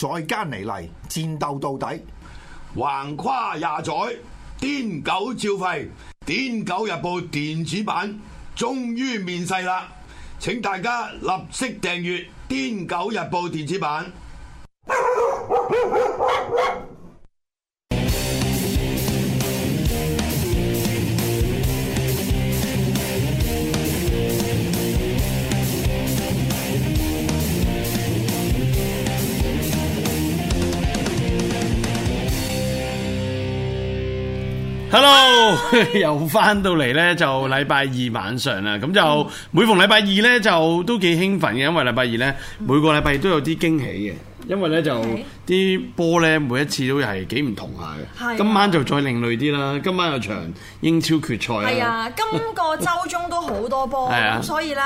再加尼嚟，戰鬥到底，橫跨廿載，癲狗照吠，癲狗日報電子版終於面世啦！請大家立即訂閱癲狗日報電子版。 hello，又翻到嚟咧，就禮拜二晚上啦，咁就每逢禮拜二咧就都幾興奮嘅，因為禮拜二咧每個禮拜都有啲驚喜嘅，因為咧就啲波咧每一次都係幾唔同下嘅，啊、今晚就再另類啲啦，今晚有場英超決賽啊，係啊，今個週中都好多波，咁、 啊、所以咧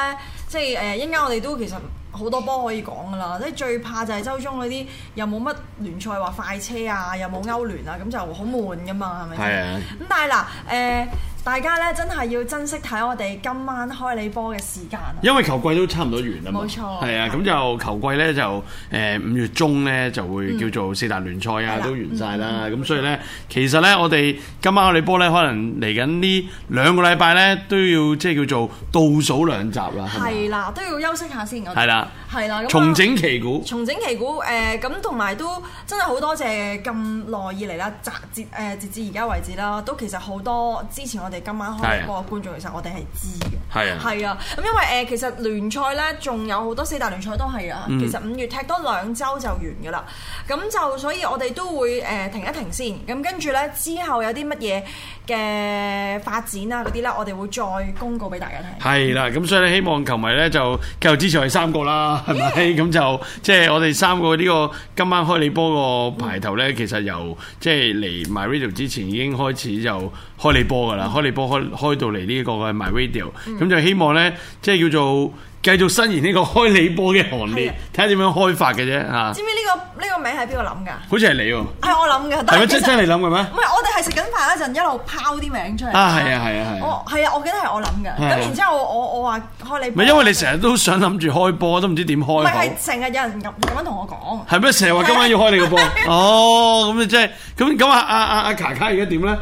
即係誒一陣間我哋都其實。好多波可以講噶啦，即係最怕就係周中嗰啲又冇乜聯賽話快車啊，又冇歐聯啊，咁就好悶噶嘛，係咪先？咁係呀但係嗱，誒。呃大家咧真係要珍惜睇我哋今晚開你波嘅時間，因為球季都差唔多完啦，冇錯。係啊，咁就球季咧就誒五月中咧就會叫做四大聯賽啊都完晒啦，咁所以咧其實咧我哋今晚開你波咧可能嚟緊呢兩個禮拜咧都要即係叫做倒數兩集啦，係啦，都要休息下先。係啦，係啦，重整旗鼓，重整旗鼓誒咁同埋都真係好多謝咁耐以嚟啦，截誒直至而家為止啦，都其實好多之前我。今晚開你波嘅觀眾，其實我哋係知嘅，係是啊，啊，啊。咁因為誒、呃，其實聯賽咧，仲有好多四大聯賽都係啊。嗯、其實五月踢多兩週就完噶啦，咁就所以我哋都會誒、呃、停一停先。咁跟住咧，之後有啲乜嘢嘅發展啊嗰啲咧，我哋會再公告俾大家睇。係啦、啊，咁、嗯、所以咧，希望球迷咧就繼續支持我哋三個啦，係咪？咁 Yeah 就即係、就是、我哋三個呢個今晚開你波個牌頭咧，其實由即係、就、嚟、是、MyRadio 之前已經開始就開你波噶啦，嗯嚟波開開到嚟呢個嘅 MyRadio，咁就希望咧，即係叫做繼續伸延呢個開你波嘅行列，睇下點樣開發嘅啫啊！知唔知呢個呢個名係邊個諗噶？好似係你喎。係我諗嘅。係咩？出聲你諗嘅咩？唔係，我哋係食緊飯嗰陣一路拋啲名出嚟。啊，係啊，係啊，係。我係啊，我記得係我諗嘅。咁然之後，我我我話開你。唔係，因為你成日都想諗住開波，都唔知點開。唔係，成日有人咁樣同我講。係咩？成日話今晚要開你個波。哦，咁你即係咁咁啊啊啊阿卡卡，而家點咧？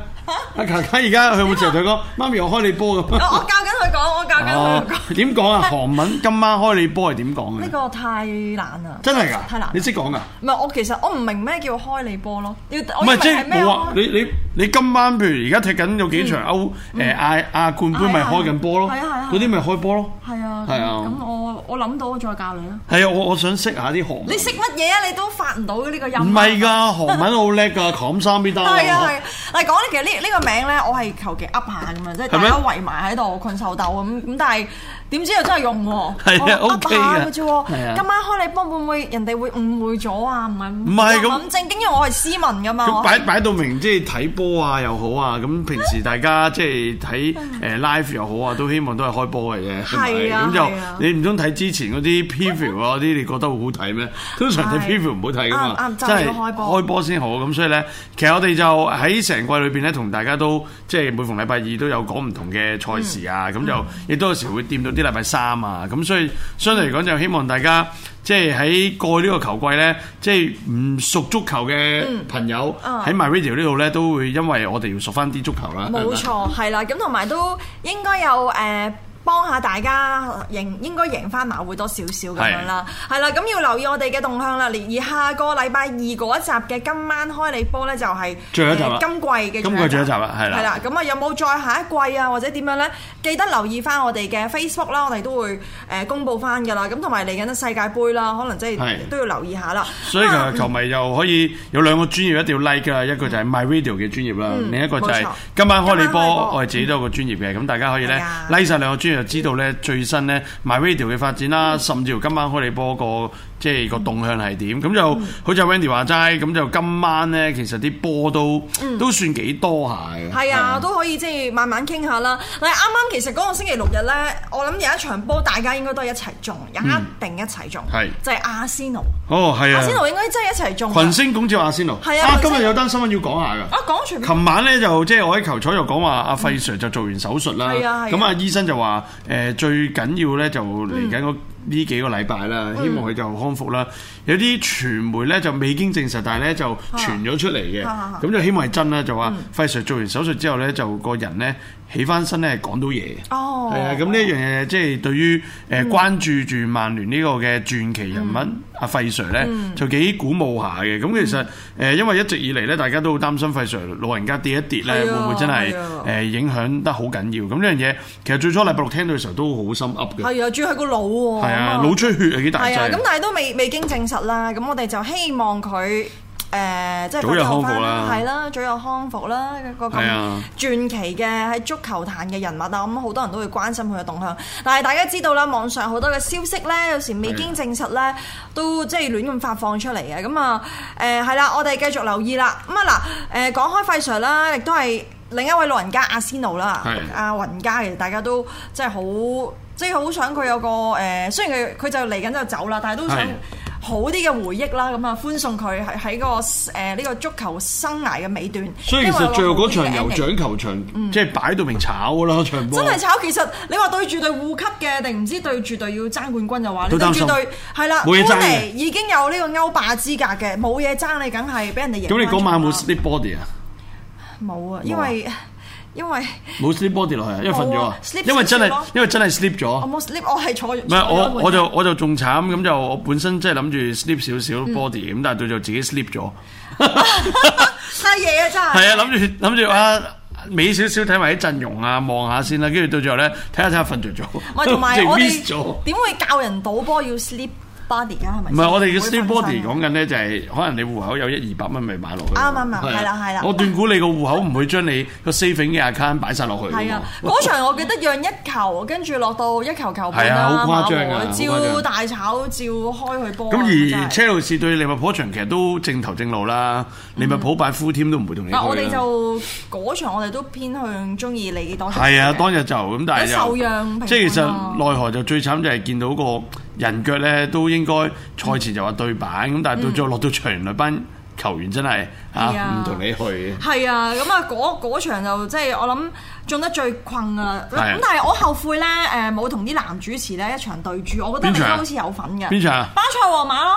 阿琪琪，而家佢有冇上台哥？媽咪，我開你波嘅。我教緊佢講，我教緊佢講。點講啊？韓文今晚開你波係點講啊？呢個太難啦！真係㗎！太難，你識講㗎？唔係我其實我唔明咩叫開你波咯。唔係即係我話你你你今晚譬如而家踢緊有幾場歐誒亞亞冠杯咪開緊波咯？係啊係啊，嗰啲咪開波咯？係啊係啊。咁我我諗到我再教你咯。係啊，我我想識下啲韓文。你識乜嘢啊？你都發唔到呢個音。唔係㗎，韓文好叻㗎，砍三比多。係啊係。嚟講咧，其實呢。呢個名咧，我係求其噏下咁樣，即係大家圍埋喺度困獸鬥咁。咁但係點知又真係用喎，噏下嘅啫。今晚開你波會唔會人哋會誤會咗啊？唔係唔係咁正經，因為我係斯文㗎嘛。擺擺到明，即係睇波啊又好啊。咁平時大家即係睇誒 live 又好啊，都希望都係開波嘅嘢。係啊，咁就你唔通睇之前嗰啲 preview 啊啲，你覺得會好睇咩？通常睇 preview 唔好睇㗎嘛，真係開波開波先好。咁所以咧，其實我哋就喺成季裏邊咧同大家都即係每逢禮拜二都有講唔同嘅賽事啊，咁、嗯、就亦、嗯、都有時會掂到啲禮拜三啊，咁所以相對嚟講就希望大家即係喺過去呢個球季咧，即係唔熟足球嘅朋友喺、嗯啊、MyRadio 呢度咧都會因為我哋要熟翻啲足球啦，冇、嗯啊、吧錯，係啦，咁同埋都應該有誒。呃幫下大家，贏應該贏翻，馬會多少少咁樣啦。係啦，咁要留意我哋嘅動向啦。而下個禮拜二嗰一集嘅今晚開你波咧，就係最後一集啦。今季嘅今季最後一集啦，係啦。係啦，咁啊有冇再下一季啊，或者點樣咧？記得留意翻我哋嘅 Facebook 啦，我哋都會誒公布翻噶啦。咁同埋嚟緊嘅世界盃啦，可能即係都要留意下啦。所以球迷又可以有兩個專業一定要 like 噶，一個就係 MyRadio 嘅專業啦，另一個就係今晚開你波我哋自己都一個專業嘅，咁大家可以咧 like 晒兩個專業。知道咧最新咧 MyRadio 嘅發展啦，嗯、甚至乎今晚開你波個。即係個動向係點？咁就好似 Wendy 話齋，咁就今晚咧，其實啲波都都算幾多下嘅。係啊，都可以即係慢慢傾下啦。嗱，啱啱其實嗰個星期六日咧，我諗有一場波，大家應該都係一齊中，一定一齊中。係，即係阿仙奴。哦，係啊。阿仙奴應該真係一齊中。群星拱照阿仙奴。係啊。今日有單新聞要講下㗎。啊，講全。琴晚咧就即係我喺球賽又講話，阿費 Sir 就做完手術啦。係啊係。咁啊，醫生就話誒最緊要咧就嚟緊呢幾個禮拜啦，希望佢就康復啦。嗯、有啲傳媒咧就未經證實，但係咧就傳咗出嚟嘅，咁、啊啊啊、就希望係真啦，就話費、嗯、sir 做完手術之後咧，就個人咧。起翻身咧，講到嘢，係啊、呃，咁呢一樣嘢即係對於誒關注住曼聯呢個嘅傳奇人物阿費 Sir 咧，就幾鼓舞下嘅。咁其實誒，嗯、因為一直以嚟咧，大家都好擔心費 Sir 老人家跌一跌咧，會唔會真係誒影響得好緊要？咁呢、嗯嗯、樣嘢其實最初禮拜六聽到嘅時候都好心噏嘅。係啊、嗯，主要係個腦喎、哦。係啊、嗯，腦出血係幾大啊，咁、嗯、但係都未未經證實啦。咁我哋就希望佢。誒，即係快啲好翻啦，係啦，早日康復啦，個咁傳奇嘅喺足球壇嘅人物是啊，咁好多人都會關心佢嘅動向。但係大家知道啦，網上好多嘅消息咧，有時未經證實咧，都即係亂咁發放出嚟嘅。咁是啊、嗯，誒係啦，我哋繼續留意啦。咁啊嗱，誒、嗯嗯嗯嗯嗯、講開費 Sir 啦，亦都係另一位老人家阿仙奴啦，阿是、啊啊、雲加，其實大家都即係好，即係好想佢有個誒、嗯。雖然佢佢就嚟緊就走啦，但係都想。好啲嘅回憶啦，咁啊、那個，歡送佢喺喺個誒呢個足球生涯嘅尾段。所以其實 ending，最後嗰場酋長球場，嗯、即係擺到明炒㗎啦場波。真係炒，其實你話對住對護級嘅，定唔知對住對要爭冠軍就話？都擔心，你對住對，冇嘢爭係啦，本來已經有呢個歐霸資格嘅，冇嘢爭你，梗係俾人哋贏。咁你嗰晚有冇 slip body 啊？冇啊，因為。因為冇 sleep body 落去啊，因為瞓咗啊，因為真係，因為真係 sleep 咗。我冇 sleep，我係坐唔係，我我就我就仲慘，咁就我本身真係諗住 sleep 少少 body 咁，嗯，但係到最後自己 sleep 咗。衰嘢啊真係。係啊，諗住諗住啊，美少少睇埋啲陣容啊，望下先啦，跟住到最後咧睇下睇下瞓着咗。我同埋我哋點會教人賭波要 sleep？家係咪？唔係我哋嘅 saving body 講緊咧，就係可能你戶口有一二百蚊，咪買落去。啱啱啱，係啦係啦。我斷估你個戶口唔會將你個 saving account 擺晒落去。係啊，嗰場我記得讓一球，跟住落到一球球半啦，好誇張照大炒，照開去波。咁而車路士對利物浦場其實都正頭正路啦，利物浦拜夫添都唔會同你。我哋就嗰場我哋都偏向中意你當日係啊，當日就咁，但係即係其實內河就最慘就係見到個。人腳咧都應該賽前就話對板咁，但係到咗落到場，嗰班球員真係啊唔同你去。係啊，咁啊嗰場就即係我諗中得最困啊！咁但係我後悔咧誒冇同啲男主持咧一場對住，我覺得你好似有份嘅。邊場？巴塞皇馬咯。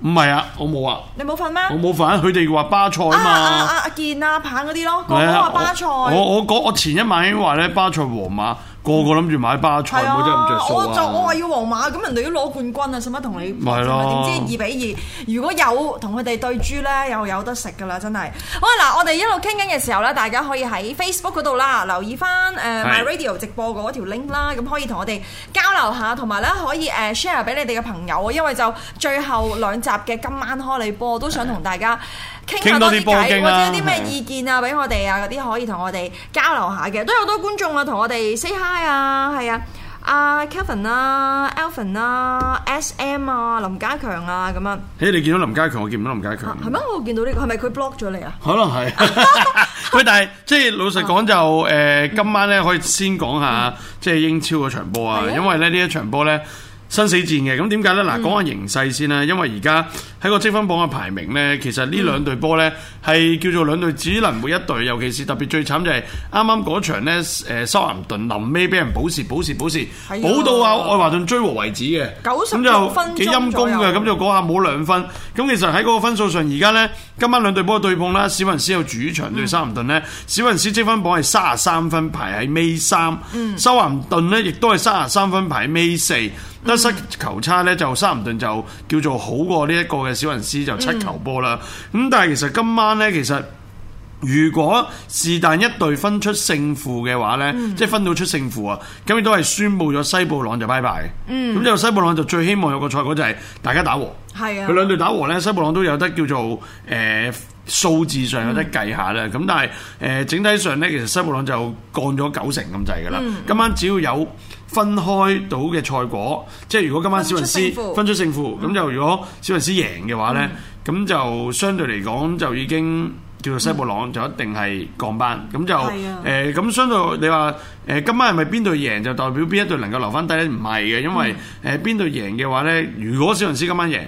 唔係啊，我冇啊。你冇份咩？我冇份，佢哋話巴塞啊嘛。阿阿阿健啊，棒嗰啲咯，講話巴塞。我我我前一晚話咧，巴塞皇馬。個個諗住買巴塞，啊啊，我啊！我就我話要皇馬，咁人哋要攞冠軍啊，使乜同你？咪係咯？點知二比二？如果有同佢哋對豬咧，又有得食㗎，okay, 啦！真係哇！嗱，我哋一路傾緊嘅時候咧，大家可以喺 Facebook 嗰度啦，留意翻誒、呃、是 My Radio 直播嗰條 link 啦，咁可以同我哋交流下，同埋咧可以誒 share 俾你哋嘅朋友啊，因為就最後兩集嘅今晚開你波，都想同大家。 傾多啲偈，或者有啲咩意見啊，俾的我哋啊，嗰啲可以同我哋交流下嘅，都有好多觀眾啊，同我哋 say hi 啊，係啊，阿 Kevin 啊，Alvin 啊，SM 啊，林家強啊，咁啊，誒，你見到林家強，我見唔到林家強，係咩、啊？我見到呢、這個，係咪佢 block 咗你啊？可能係，喂， 但係即係老實講就誒、呃，今晚咧可以先講下即係英超嗰場波啊，的因為咧呢一場波咧。生死戰嘅咁點解咧？嗱，講下形勢先啦。嗯、因為而家喺個積分榜嘅排名咧，其實呢兩隊波咧係叫做兩隊只能每一隊，尤其是特別最慘就係啱啱嗰場咧，誒、呃，修咸頓臨尾俾人補時補時補時、哎、呀保到啊愛華頓追和為止嘅，咁就幾陰功嘅。咁就嗰下冇兩分。咁、嗯、其實喺嗰個分數上，而家咧今晚兩隊波對碰啦。史雲斯有主場對修咸頓咧，史雲、嗯、斯積分榜係三十三分，排喺尾三、嗯。嗯，修咸頓咧亦都係三十三分，排喺尾四、嗯。得失球差咧，就修咸頓就叫做好過呢一個嘅史雲斯就七球波啦。咁、嗯、但係其實今晚咧，其實如果是但一隊分出勝負嘅話咧，嗯、即係分到出勝負啊，咁亦都係宣布咗西布朗就拜拜。咁、嗯、就西布朗就最希望有個賽果就係大家打和。係啊、嗯，佢兩隊打和咧，西布朗都有得叫做誒。呃數字上有得計下咧，咁、嗯、但係誒、呃、整體上咧，其實西布朗就降咗九成咁滯㗎啦。嗯、今晚只要有分開到嘅賽果，即係如果今晚小雲斯分出勝負，咁、嗯、就如果小雲斯贏嘅話咧，咁、嗯、就相對嚟講就已經叫做西布朗、嗯、就一定係降班。咁就誒咁是、啊呃、相對你話誒今晚係咪邊隊贏就代表邊一隊能夠留翻低咧？唔係嘅，因為誒邊隊贏嘅話咧，如果小雲斯今晚贏。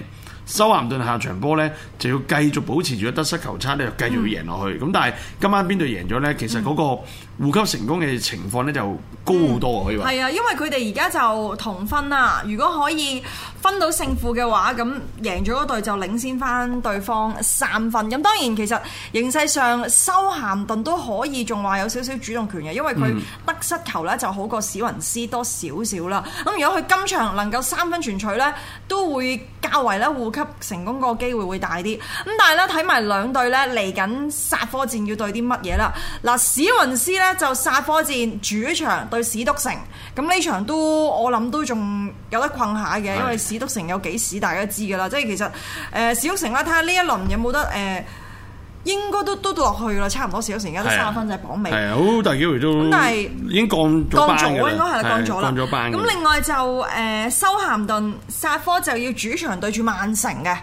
修咸頓下場波咧，就要繼續保持住得失球差咧，繼續要贏落去。咁、嗯、但係今晚邊隊贏咗咧？其實嗰、那個。嗯嗯護級成功嘅情況呢就高好多，嗯、可以話。係啊，因為佢哋而家就同分啦。如果可以分到勝負嘅話，咁贏咗嗰隊就領先返對方三分。咁當然其實形勢上，修咸頓都可以，仲話有少少主動權嘅，因為佢得失球呢就好過史雲斯多少少啦。咁、嗯、如果佢今場能夠三分全取呢，都會較為呢護級成功個機會會大啲。咁但係呢，睇埋兩隊呢，嚟緊煞科戰要對啲乜嘢啦？嗱、啊，史雲斯呢。就殺科戰主場對史篤城，咁呢場都我諗都仲有得困下嘅，因為史篤城有幾屎，大家都知㗎喇。即係其實誒，史、呃、篤城咧睇下呢一輪有冇得誒、呃，應該都都落去啦，差唔多。史篤城而家都三分，就係、是、榜尾。好大機會都咁，但係是已經降咗降咗，應該係降咗啦。降咗班。咁另外就誒、呃，修咸頓殺科就要主場對住曼城嘅。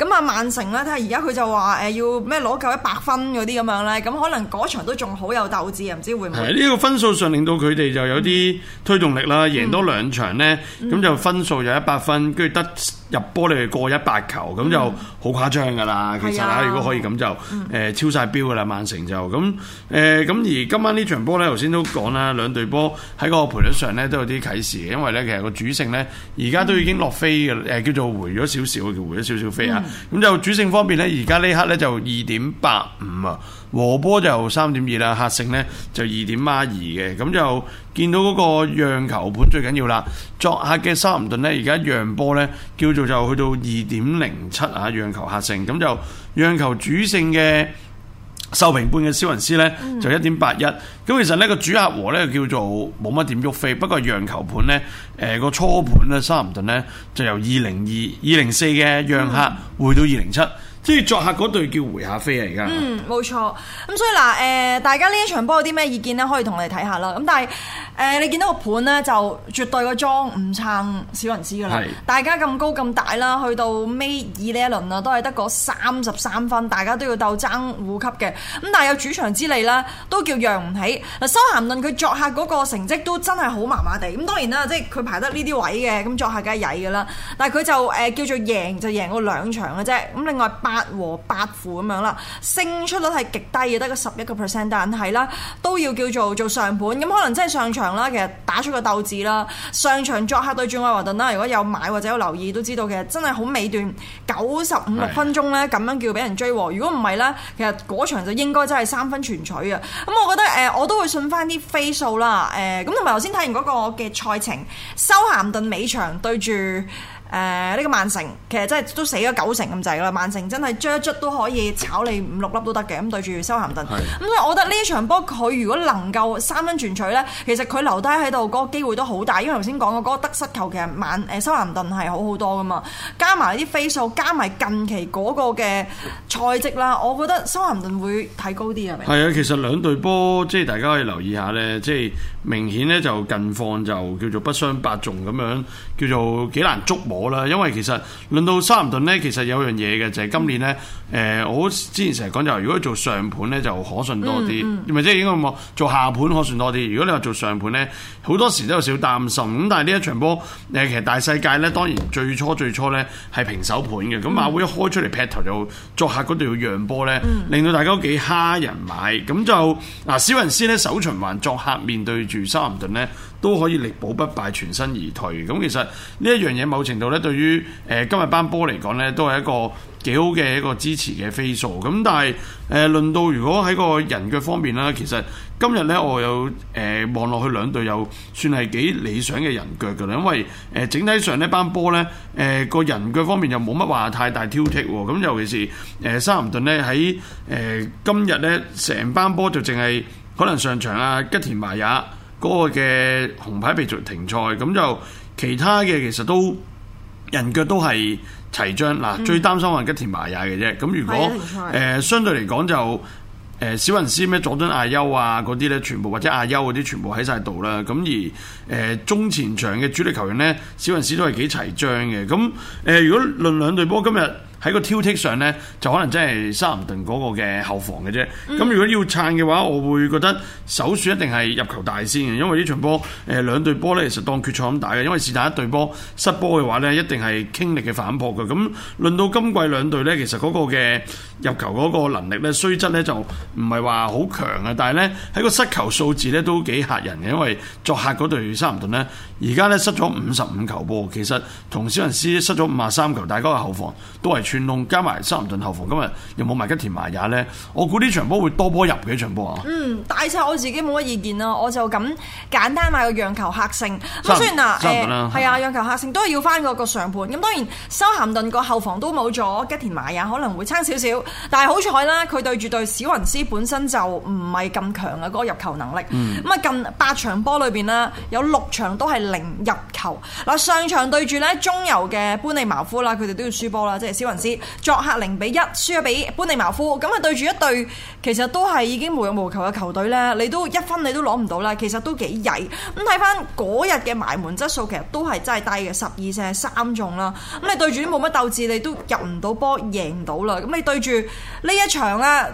咁啊，曼城啦，睇下而家佢就話誒、呃、要咩攞夠一百分嗰啲咁樣咧，咁可能嗰場都仲好有鬥志，唔知會唔會？係呢、呢個分數上令到佢哋就有啲推動力啦，嗯、贏多兩場咧，咁、嗯嗯、就分數有一百分，跟住得入波你哋過一百球，咁、嗯、就好誇張㗎啦。啊、其實啊，如果可以咁就誒、嗯呃、超晒標㗎啦，曼城就咁誒咁。而今晚呢場波咧，頭先都講啦，兩隊波喺個賠率上咧都有啲啟示，因為咧其實個主勝咧而家都已經落飛嘅，誒、嗯、叫做回咗少少，回咗少少飛啊。嗯咁就主勝方面咧，而家呢刻咧就二點八五啊，和波就三點二啦，客勝咧就二點孖二嘅。咁就見到嗰個讓球盤最緊要啦，作客嘅三唔頓咧，而家讓波咧叫做就去到二點零七啊，讓球客勝，咁就讓球主勝嘅。受平半嘅史雲斯咧就一點八一，咁其實呢個主客和咧叫做冇乜點喐飛，不過讓球盤咧，誒、呃、個初盤咧，三林頓咧就由二零二二零四嘅讓客回到二零七，即係作客嗰隊叫回下飛嚟、啊、噶。嗯，冇錯。咁所以嗱，誒、呃、大家呢一場波有啲咩意見咧，可以同我哋睇下啦。咁但係。誒、呃，你見到個盤咧，就絕對個莊唔撐小，少人知噶啦。大家咁高咁大啦，去到尾二呢一輪啊，都係得個三十三分，大家都要鬥爭護級嘅。咁但係有主場之利啦，都叫讓唔起。嗱，修咸頓佢作客嗰個成績都真係好麻麻地。咁當然啦，即係佢排得呢啲位嘅，咁作客梗係曳噶啦。但係佢就誒叫做贏就贏過兩場嘅啫。咁另外八和八負咁樣啦，勝出率係極低嘅，得個十一個 percent。但係啦，都要叫做做上盤咁，可能真係上場。啦，其實打出個鬥志啦，上場作客 k 對住愛華頓啦，如果有買或者有留意都知道嘅，真係好尾段九十五六分鐘呢，咁樣叫俾人追。如果唔係呢，其實嗰場就應該真係三分全取啊。咁、嗯、我覺得誒、呃，我都會信翻啲飛數啦。誒、呃，咁同埋頭先睇完嗰個嘅賽程，修咸頓尾場對住。誒、呢個曼城其實真係都死咗九成咁滯啦啦，因為其實輪到沙林頓咧，其實有樣嘢嘅就係、是、今年咧，誒、呃，我之前成日講就係如果做上盤咧就可信多啲，咪即係應該話做下盤可信多啲。如果你話做上盤咧，好多時都有少少擔心。咁但係呢一場波誒，其實大世界咧，當然最初最初咧係平手盤嘅。咁、嗯、馬會一開出嚟劈頭就作客嗰度要讓波咧，嗯、令到大家都幾蝦人買。咁就嗱、啊，小雲師咧首循環作客面對住沙林頓咧。都可以力保不敗，全身而退。咁其實呢一樣嘢，某程度咧，對於誒今日班波嚟講咧，都係一個幾好嘅一個支持嘅 factor 咁但係誒，論、呃、到如果喺個人腳方面啦，其實今日咧，我有誒望落去兩隊又算係幾理想嘅人腳嘅啦。因為誒、呃、整體上呢班波咧，誒、呃、個人腳方面又冇乜話太大挑剔喎。咁、呃、尤其是誒、呃、沙林頓咧喺誒今日咧，成班波就淨係可能上場啊吉田麻也。嗰個嘅紅牌被逐停賽，咁就其他嘅其實都人腳都係齊章。嗱、嗯，最擔心嘅吉田麻也嘅啫。咁如果誒的、呃、相對嚟講就誒、呃呃、小雲斯咩佐敦阿優啊嗰啲咧，全部或者阿優嗰啲全部喺晒度啦。咁而誒、呃、中前場嘅主力球員咧，小雲斯都係幾齊章嘅。咁誒、呃呃、如果論兩隊波今日。喺個挑剔上呢，就可能真係沙林頓嗰個嘅後防嘅啫。咁、嗯、如果要撐嘅話，我會覺得首選一定係入球大先，因為呢場波誒、呃、兩隊波呢，其實當決賽咁打嘅，因為是但一隊波失波嘅話呢，一定係傾力嘅反撲嘅。咁論到今季兩隊呢，其實嗰個嘅入球嗰個能力呢，雖則呢就唔係話好強啊。但係呢，喺個失球數字呢，都幾嚇人嘅，因為作客嗰隊沙林頓呢，而家呢，失咗五十五球波，其實同史雲斯失咗五十三球，大家嘅後防都係。全龍加埋修咸頓後防今日又冇埋吉田麻也咧，我估呢場波會多波入嘅場波啊！嗯，大晒我自己冇乜意見啦，我就咁簡單買個讓球客勝。咁藤雖然嗱，誒係啊，讓球客勝都係要翻個上盤。咁、嗯、當然，修咸頓個後防都冇咗吉田麻也，可能會差少少。但係好彩啦，佢對住對小雲斯本身就唔係咁強嘅嗰、那個入球能力。咁啊，近八場波裏邊啦，有六場都係零入球。嗱，上場對住咧中游嘅般尼茅夫啦，佢哋都要輸波啦，即係小雲。作客零比一輸咗俾班尼茅夫，咁啊對住一隊其實都係已經無欲無求嘅球隊咧，你都一分你都攞唔到啦，其實都幾曳。咁睇翻嗰日嘅埋門質素，其實都係真係低嘅，十二成三中啦。咁你對住啲冇乜鬥志，你都入唔到波，贏到啦。咁你對住呢一場咧、啊？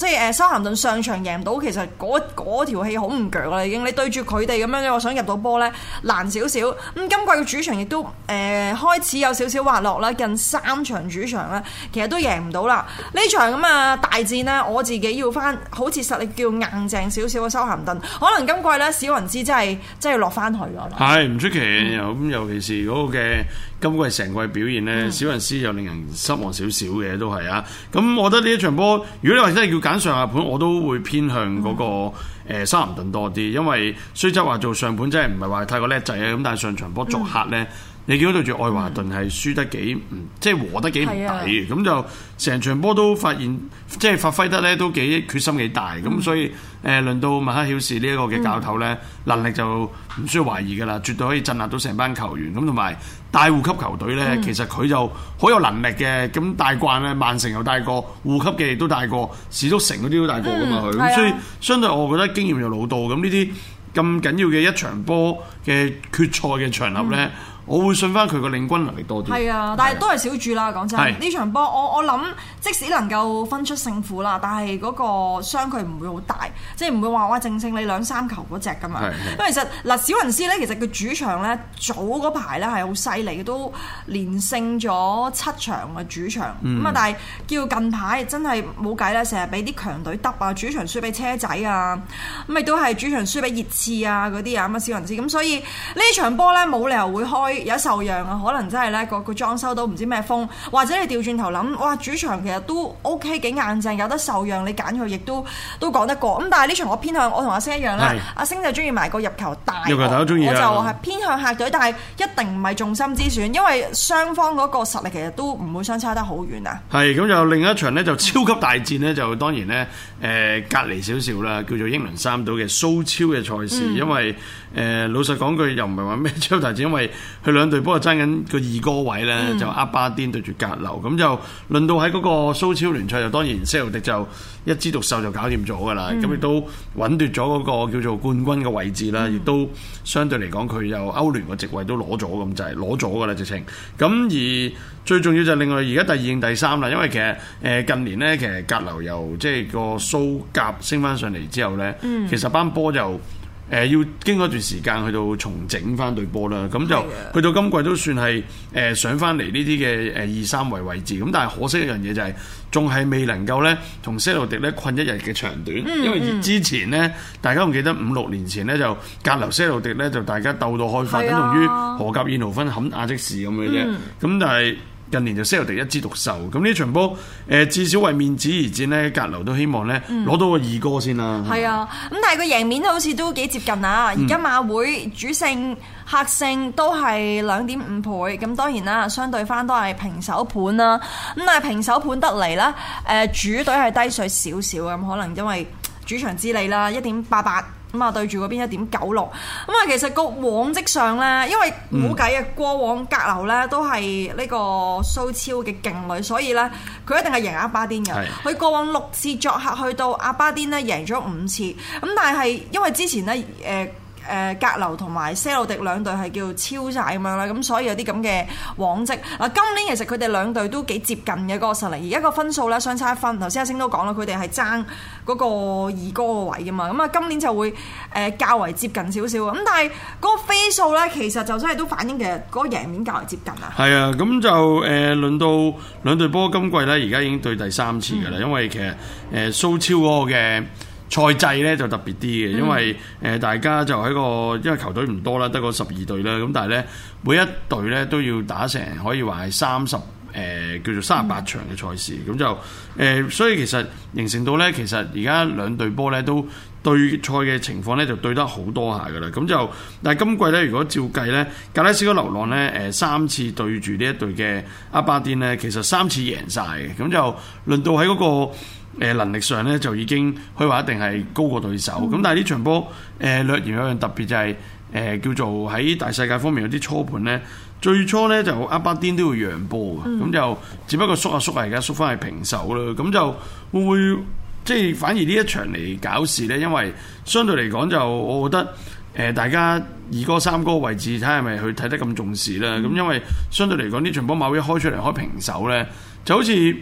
即係誒，修咸頓上場贏唔到，其實嗰嗰條氣好唔強啦已經。你對住佢哋咁樣咧，我想入到波咧難少少。咁今季嘅主場亦都誒、呃、開始有少少滑落啦，近三場主場咧其實都贏唔到啦。呢場咁啊大戰呢，我自己要返，好似實力叫硬淨少少嘅修咸頓，可能今季咧小雲芝真係真係落返去咯。係唔出奇，咁、嗯、尤其是嗰個嘅。今季成季表現咧，嗯、小人師又令人失望少少嘅，都係啊！咁我覺得呢一場波，如果你話真係要揀上下盤，我都會偏向嗰、嗰個。嗯誒，修咸、呃、頓多啲，因為雖則話做上盤真係唔係話太過叻仔啊，咁但係上場波作客咧，嗯、你見到對住愛華頓係輸得幾，唔、嗯，即係和得幾唔抵，咁、嗯、就成場波都發現即係發揮得咧都幾決心幾大，咁、嗯、所以誒輪、呃、到麥克曉士呢一個嘅教頭咧，嗯、能力就唔需要懷疑噶啦，絕對可以鎮壓到成班球員，咁同埋大護級球隊咧，嗯、其實佢就好有能力嘅，咁大慣咧，曼城又帶過護級嘅亦都帶過史篤城嗰啲都帶過噶嘛，佢、嗯，咁、嗯、所,所以相對我覺得。經驗又老道，咁呢啲咁緊要嘅一場波嘅決賽嘅場合咧。嗯我會信翻佢個領軍能力多啲。係啊，但係都係小注啦，講、啊、真。呢、啊、場波，我我諗即使能夠分出勝負啦，但係嗰個差距唔會好大，即係唔會話話淨勝你兩三球嗰隻噶嘛。因為、啊、其實嗱，啊、小雲斯咧，其實佢主場咧早嗰排咧係好犀利，都連勝咗七場嘅主場。咁啊，但係叫近排真係冇計啦，成日俾啲強隊揼啊，主場輸俾車仔啊，咁亦都係主場輸俾熱刺啊嗰啲啊咁啊，小雲斯。咁所以場呢場波咧冇理由會開。有受讓啊，可能真係咧個個裝修都唔知咩風，或者你調轉頭諗，哇主場其實都 OK 幾硬淨，有得受讓你揀佢亦都都講得過。咁但係呢場我偏向我同阿星一樣咧，是阿星就中意埋個入球大，中意我就係偏向客隊，啊、但係一定唔係重心之選，因為雙方嗰個實力其實都唔會相差得好遠啊。係咁就另一場呢，就超級大戰呢，就當然呢，誒、呃、隔籬少少啦，叫做英倫三島嘅蘇超嘅賽事，嗯、因為。誒、呃，老實講句，又唔係話咩超大戰，因為佢兩隊波啊爭緊個二個位咧，嗯、就阿巴甸對住格流，咁就輪到喺嗰個蘇超聯賽，就當然些路迪就一枝獨秀就搞掂咗噶啦，咁亦、嗯、都穩奪咗嗰個叫做冠軍嘅位置啦，亦、嗯、都相對嚟講佢又歐聯個席位都攞咗，咁就係攞咗噶啦直情，咁而最重要就係另外而家第二定第三啦，因為其實誒、呃、近年咧，其實格流由即係個蘇甲、甲升翻上嚟之後咧，嗯、其實班波就。誒，要經過一段時間去到重整翻對波啦，咁就是的 去到今季都算係誒、呃、上翻嚟呢啲嘅誒二三圍位置，咁但係可惜一樣嘢就係仲係未能夠咧同西路迪咧困一日嘅長短，嗯嗯，因為之前咧大家唔記得五六年前咧就隔籬西路迪咧就大家鬥到開花，是的 等同於荷甲燕豪芬冚亞積士咁嘅啫，咁、嗯、但係。近年就些路迪一枝獨秀，咁呢場波，誒、呃、至少為面子而戰呢格流都希望咧攞、嗯、到個二哥先啦。係啊，咁但係個贏面好似都幾接近啊！而家、嗯、馬會主勝客勝都係兩點五倍，咁當然啦，相對翻都係平手盤啦、啊。咁但係平手盤得嚟啦，誒、呃、主隊係低水少少嘅，咁可能因為主場之利啦，一點八八。咁啊，對住嗰邊一點九六，咁啊，其實個往績上咧，因為冇計啊，過往隔樓咧都係呢個蘇超嘅勁旅，所以咧佢一定係贏阿巴丁嘅。佢是的 過往六次作客去到阿巴丁咧，贏咗五次，咁但係因為之前咧，誒、呃。誒格流同埋些路迪兩隊係叫超曬咁樣啦，咁所以有啲咁嘅往績。嗱，今年其實佢哋兩隊都幾接近嘅嗰個實力，而家個分數咧相差一分。頭先阿星都講啦，佢哋係爭嗰個二哥個位噶嘛。咁啊，今年就會誒較為接近少少。咁但係嗰個飛數咧，其實就真係都反映其實嗰個贏面較為接近啊。係啊，咁就誒輪到兩隊波今季咧，而家已經對第三次噶啦，嗯、因為其實誒、呃、蘇超嗰個嘅。賽制咧就特別啲嘅，因為誒、呃、大家就喺個因為球隊唔多啦，得個十二隊啦。咁但係咧，每一隊咧都要打成可以話係三十誒叫做三十八場嘅賽事。咁、嗯、就誒、呃，所以其實形成到咧，其實而家兩隊波咧都，對賽嘅情況咧就對得好多下噶啦，咁就但係今季咧如果照計咧，格拉斯哥流浪咧誒、呃、三次對住呢一隊嘅阿巴甸咧，其實三次贏晒嘅，咁就輪到喺嗰個能力上咧，就已經可以話一定係高過對手。咁、嗯、但係呢場波誒、呃、略然有樣特別就係、是、誒、呃、叫做喺大世界方面有啲初盤咧，最初咧就阿巴甸都要讓波嘅，咁、嗯、就只不過縮下縮下而家縮翻係平手啦，咁就會唔會。即係反而呢一場嚟搞事呢，因為相對嚟講就我覺得誒、呃，大家二哥、三哥位置睇係咪去睇得咁重視咧？咁、嗯、因為相對嚟講呢場波馬會一開出嚟開平手呢就好似。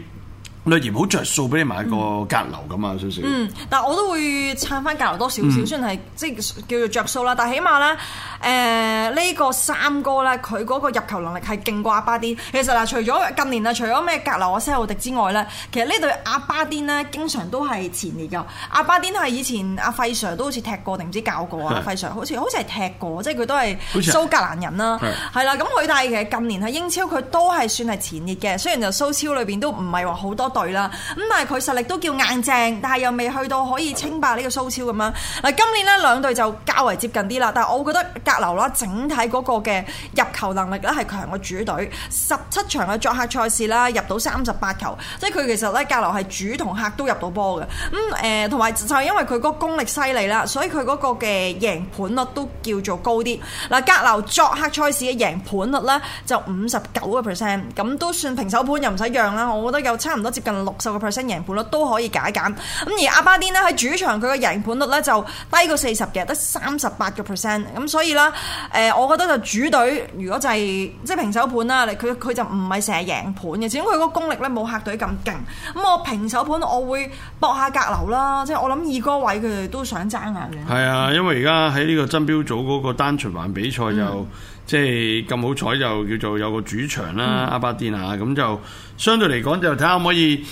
略而好着數，俾你買個格流咁啊，少少。嗯，但係我都會撐翻格流多少少，雖然係即係叫做着數啦。但係起碼咧，誒、呃、呢、呢個三哥咧，佢嗰個入球能力係勁過阿巴丁。其實嗱，除咗近年啊，除咗咩格流，阿些路迪之外咧，其實呢對阿巴丁咧，經常都係前列㗎。阿巴丁係以前阿費 Sir 都好似踢過定唔知教過啊？費 Sir< 的>好似好似係踢過，即係佢都係蘇格蘭人啦。係啦的，咁佢的但係其實近年喺英超佢都係算係前列嘅，雖然就蘇超裏邊都唔係話好多。隊啦，咁但係佢實力都叫硬淨，但係又未去到可以稱霸呢個蘇超咁樣。嗱，今年咧兩隊就較為接近啲啦，但係我覺得格流啦，整體嗰個嘅入球能力咧係強過主隊。十七場嘅作客賽事啦，入到三十八球，即係佢其實咧，格流係主同客都入到波嘅。咁、嗯、誒、同、呃、埋就係因為佢嗰個功力犀利啦，所以佢嗰個嘅贏盤率都叫做高啲。嗱，格流作客賽事嘅贏盤率咧就五十九個 percent，咁都算平手盤又唔使讓啦。我覺得有差唔多接。近六十個 percent 贏盤率都可以解減，咁而阿巴丁咧喺主場佢嘅贏盤率咧就低過四十嘅，得三十八個 percent，咁所以啦，誒，我覺得就主隊如果就係即係平手盤啦，佢佢就唔係成日贏盤嘅，始終佢嗰個功力咧冇客隊咁勁。咁我平手盤我會博下格流啦，即係我諗二哥位佢哋都想爭眼嘅。係啊，因為而家喺呢個爭標組嗰個單循環比賽就。嗯即係咁好彩就叫做有個主場啦，嗯、阿巴甸啊，咁就相對嚟講就睇下可唔可以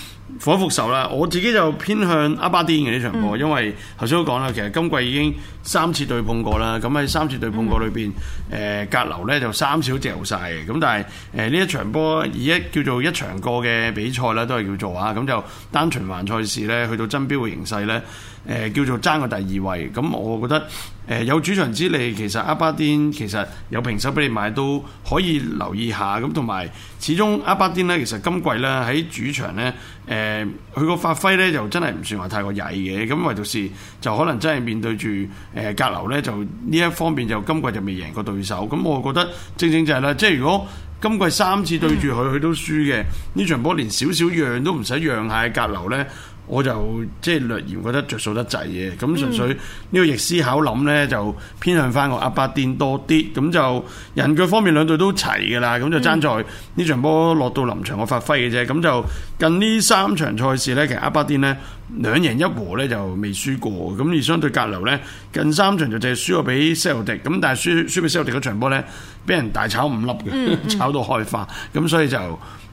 火復仇啦。我自己就偏向阿巴甸嘅呢場波，嗯、因為頭先都講啦，其實今季已經三次對碰過啦。咁喺三次對碰過裏邊，誒、嗯呃、隔流咧就三小隻冇晒嘅。咁但係誒呢一場波以一叫做一場過嘅比賽啦，都係叫做啊咁就單循環賽事咧，去到爭標嘅形勢咧。誒、呃、叫做爭個第二位，咁、嗯、我覺得誒、呃、有主場之利，其實阿巴甸其實有平手俾你買都可以留意下，咁同埋始終阿巴甸咧，其實今季咧喺主場咧，誒佢個發揮咧就真係唔算話太過曳嘅，咁唯獨是就可能真係面對住誒格流咧，就呢一方面就今季就未贏過對手，咁、嗯、我覺得正正就係、是、啦，即係如果今季三次對住佢佢都輸嘅，呢、嗯、場波連少少讓都唔使讓下格流咧。我就即係略嫌覺得着數得滯嘅，咁純粹呢個逆思考諗咧，就偏向翻個阿巴甸多啲。咁就人腳方面兩隊都齊嘅啦，咁就爭在呢場波落到臨場嘅發揮嘅啫。咁就近呢三場賽事咧，其實阿巴甸呢兩贏一和咧就未輸過，咁而相對格流咧近三場就淨係輸咗俾些路迪，咁但係輸輸俾些路迪嗰場波咧俾人大炒五粒嘅，嗯嗯 炒到開花，咁所以就。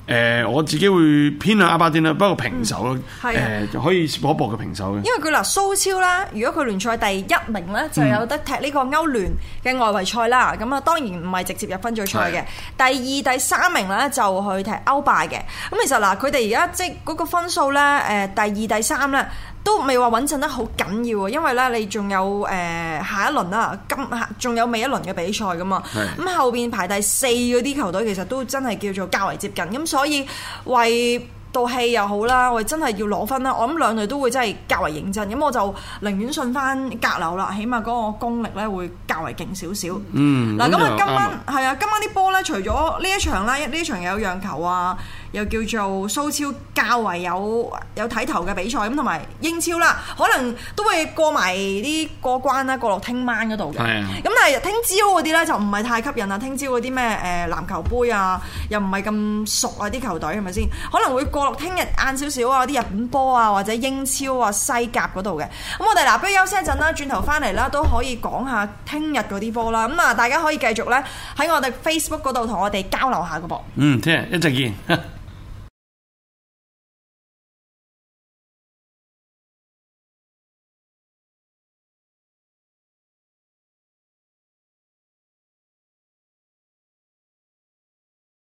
誒、呃、我自己會偏向阿巴天啦，不過平手咯，誒、嗯啊呃、可以搏一搏嘅平手嘅。因為佢嗱蘇超啦，如果佢聯賽第一名咧就有得踢呢個歐聯嘅外圍賽啦，咁啊、嗯、當然唔係直接入分組賽嘅。啊、第二第三名咧就去踢歐霸嘅。咁其實嗱，佢哋而家即嗰個分數咧，誒第二第三咧。都未話穩陣得好緊要啊，因為呢，你仲有誒下一輪啦，今仲有未一輪嘅比賽噶嘛。咁是的 後邊排第四嗰啲球隊其實都真係叫做較為接近，咁所以為度氣又好啦，為真係要攞分啦，我諗兩隊都會真係較為認真，咁我就寧願信翻格樓啦，起碼嗰個功力呢會較為勁少少。嗯，嗱咁啊，今晚係啊，嗯、今晚啲波呢，好除咗呢一場啦，呢場有讓球啊。又叫做蘇超較為有有睇頭嘅比賽咁，同埋英超啦，可能都會過埋啲過關啦，過落聽晚嗰度嘅。咁是的 但係聽朝嗰啲咧就唔係太吸引啦。聽朝嗰啲咩誒籃球杯啊，又唔係咁熟啊啲球隊係咪先？可能會過落聽日晏少少啊啲日本波啊，或者英超啊西甲嗰度嘅。咁我哋嗱，不如休息一陣啦，轉頭翻嚟啦都可以講下聽日嗰啲波啦。咁啊，大家可以繼續咧喺我哋 Facebook 嗰度同我哋交流下個噃。嗯，聽日一陣見。